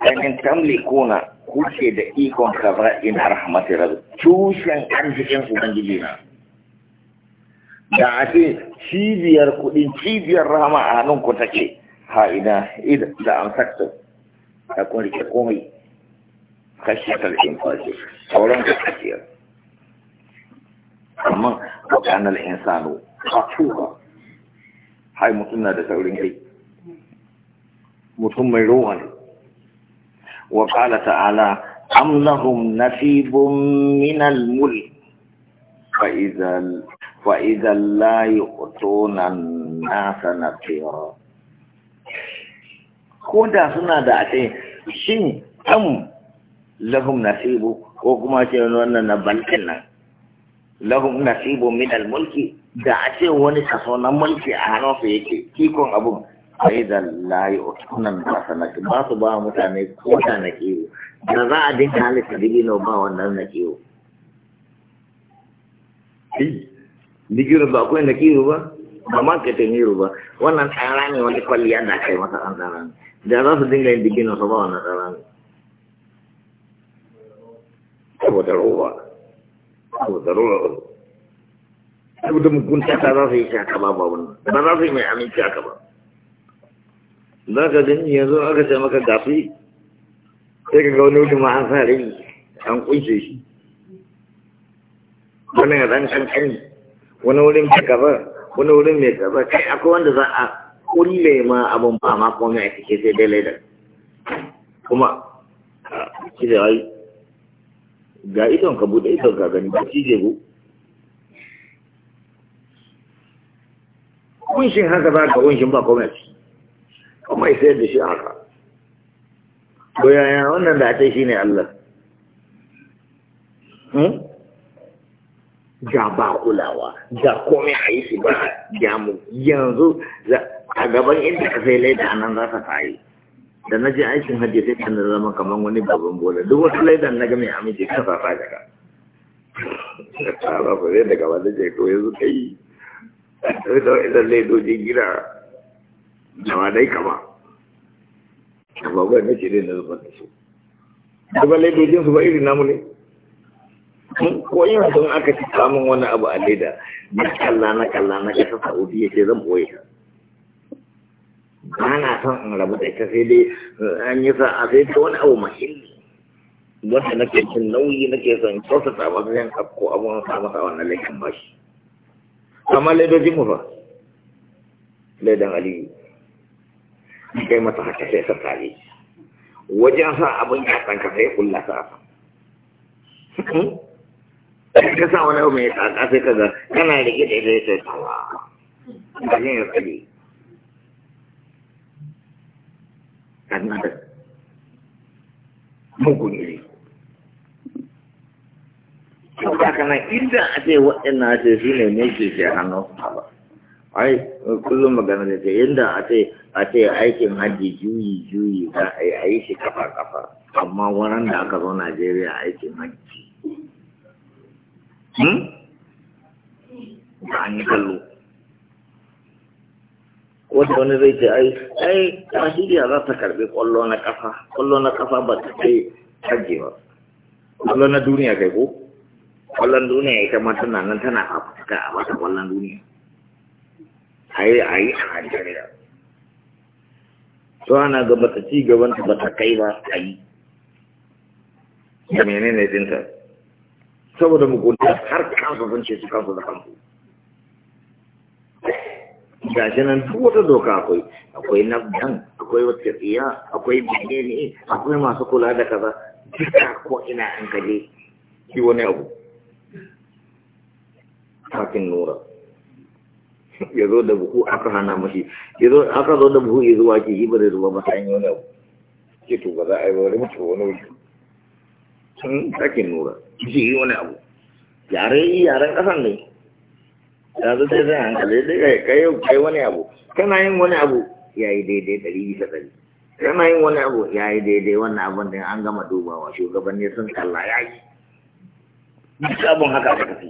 ainihin kuna, kuke da ikon kaza ina rahmatu rabbi tushen arzikin ubangiji na da ake cibiyar kudin cibiyar rahama a hannun ku take ha ina da an sakta da kun rike komai kashatar infaji sauran ka kasiyar amma a kanar insano a tuka hai mutum na da saurin kai mutum mai rowa ne Waƙala ta'ala am lahum nasibum minal mulk fa idzal fa idzal la yuqtuna ko da suna da ate shin am lahum nasibu ko kuma ce wannan na nan lahum nasibum minal mulki da ace wani kaso mulki a hanofa yake kikon abun فإذا لا يؤتون الحسنة ba su ba mutane نكيو جزاء kiwo حال za a dinka نكيو digirin ba na kiwo. nakiru ba na kiwo ba ma ka tamiru ba wannan tsara ne wani kwalliya da kai yi masa an tsara da za su dinga yin digirin su ba wannan tsara ne saboda roba saboda roba saboda mugunta ta za su yi shaka ba ba wannan ba za su yi mai aminci haka ba za ka gani yanzu aka ce maka gafi sai ka ga wani wuce ma an sa rai an kunshe shi wani a ɗan kankani wani wurin mai kaza wani wurin mai kaza kai akwai wanda za a kulle ma abin ba ma kome a cikin sai dai laidar kuma shi da wai ga idon ka buɗe idon ka gani ba cije ku? kunshin haka za ka kunshin ba komai mai sayar da shi haka to yaya wannan da ake shine Allah hmm? ga ba kulawa ga komai a yi shi ba jamu yanzu a gaban inda ka sai laida nan za ka kayi da na je aikin hajji sai kan zama kamar wani babban bola duk wata laidan na ga mai aminci kan safa daga da tsara ba zai daga wanda je ko yanzu kai da idan laidojin gida da dai kama amma ba na ce dai na zubar da su da ba laidojin su ba irin namu ne ko yin don aka ci samun wani abu a leda na kalla na kalla na kasa sa'udi ya ce zan boye ta ba na son in rabu da ita sai dai an yi sa a sai ta wani abu mahimmi wanda nake cin nauyi nake son kyautata kakko yan akko abun sa masa wannan laifin shi. amma laidojin mu fa laidan aliyu in kai mata haka sai ta tare wajen sa abin ya tsanka sai kulla ta hmm? ka sa wani abu mai tsaka sai ka ga kana rike da ita sai tawa ba ne ya tsare annabi mugun iri saboda kana inda a ce waɗannan ce su ne mulki ke hannun ba ai kullum magana da ta yadda a ce a ce aikin haji juyi juyi za a yi a yi shi kafa kafa amma wurin da aka zo najeriya aikin haji hmm? ba an yi kallo wata wani zai ce ai ai najeriya za ta karbi kwallo na kafa kwallo na kafa ba ta kai haji ba kwallo na duniya kai ko kwallon duniya ita ma tana nan tana fafuka a mata kwallon duniya ai ai a yi da to ana ga bata ci gaban ta bata kai ba a yi. Da din ta Saboda mugunta har ka sun ce su kansu da kansu. Gashi nan duk wata doka akwai, akwai dan akwai wata tsiya, akwai bene akwai masu kula da kaza, duka ko ina an kaje, ki wani abu. Kafin nura. ya zo da buhu aka hana mashi ya zo aka zo da buhu ya zuwa ke yi ba da zuwa masa yi wani abu ke to ba za a yi wani mutu wani wuce sun sake nura shi yi wani abu yare yi yaren kasan ne ya zo sai zai hankali dai kai kai wani abu kana yin wani abu ya yi daidai ɗari bisa ɗari kana yin wani abu ya yi daidai wannan abin da an gama dubawa shugabanni sun kalla ya yi duk abin haka aka fi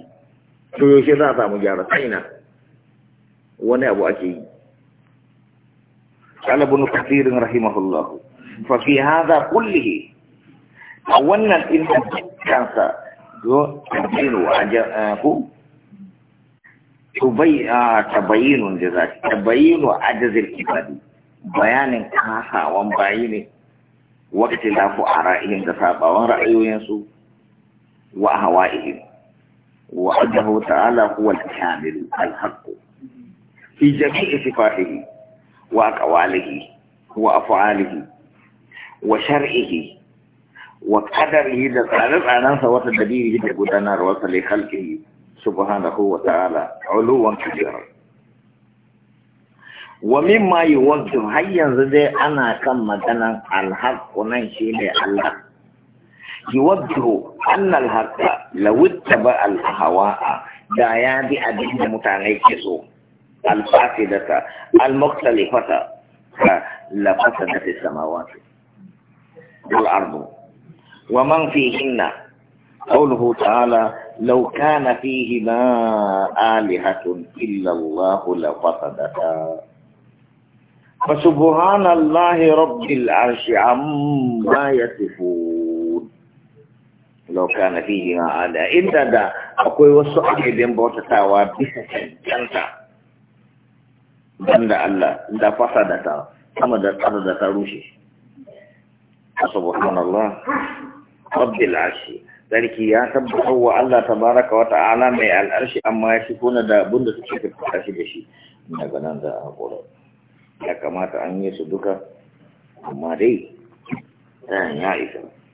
to yaushe za a samu gyara sai na wani abu ake yi قال ابن كثير رحمه الله ففي هذا كله أولا إن كان تبين تبين جزاك تبين عجز العباد بيان كاسا وبيان واختلاف آرائهم تسابا ورأيهم وأهوائهم وأنه تعالى هو الكامل الحق في جميع صفاته وأقواله وأفعاله وشرعه وقدره لتعرف أنا سوات الدليل جدا قدنا رواسة لخلقه سبحانه وتعالى علوا كبيرا ومما يوجه هيا زدي أنا كم مدنا الحق ونشيني الله يوجه أن الحق لو اتبع الهواء دا يا دي أدين متعنيك سوء الفاسدة المختلفة لفسدت السماوات والأرض ومن فيهن قوله تعالى لو كان فيهما آلهة إلا الله لفسدتا فسبحان الله رب العرش عما يصفون لو كان فيهما آلهة إن دا أقول وسؤال بين بوتتا وبسكن كنتا banda Allah da ta, sama da tsara da ta rushe Allah, rabbil arshi sarki ya tabbata wa Allah ta baraka wata ala mai al'arshi amma ya shiko na da abin da suke fita shi da shi daga nan da hakura ya kamata an yi su duka amma dai ya isa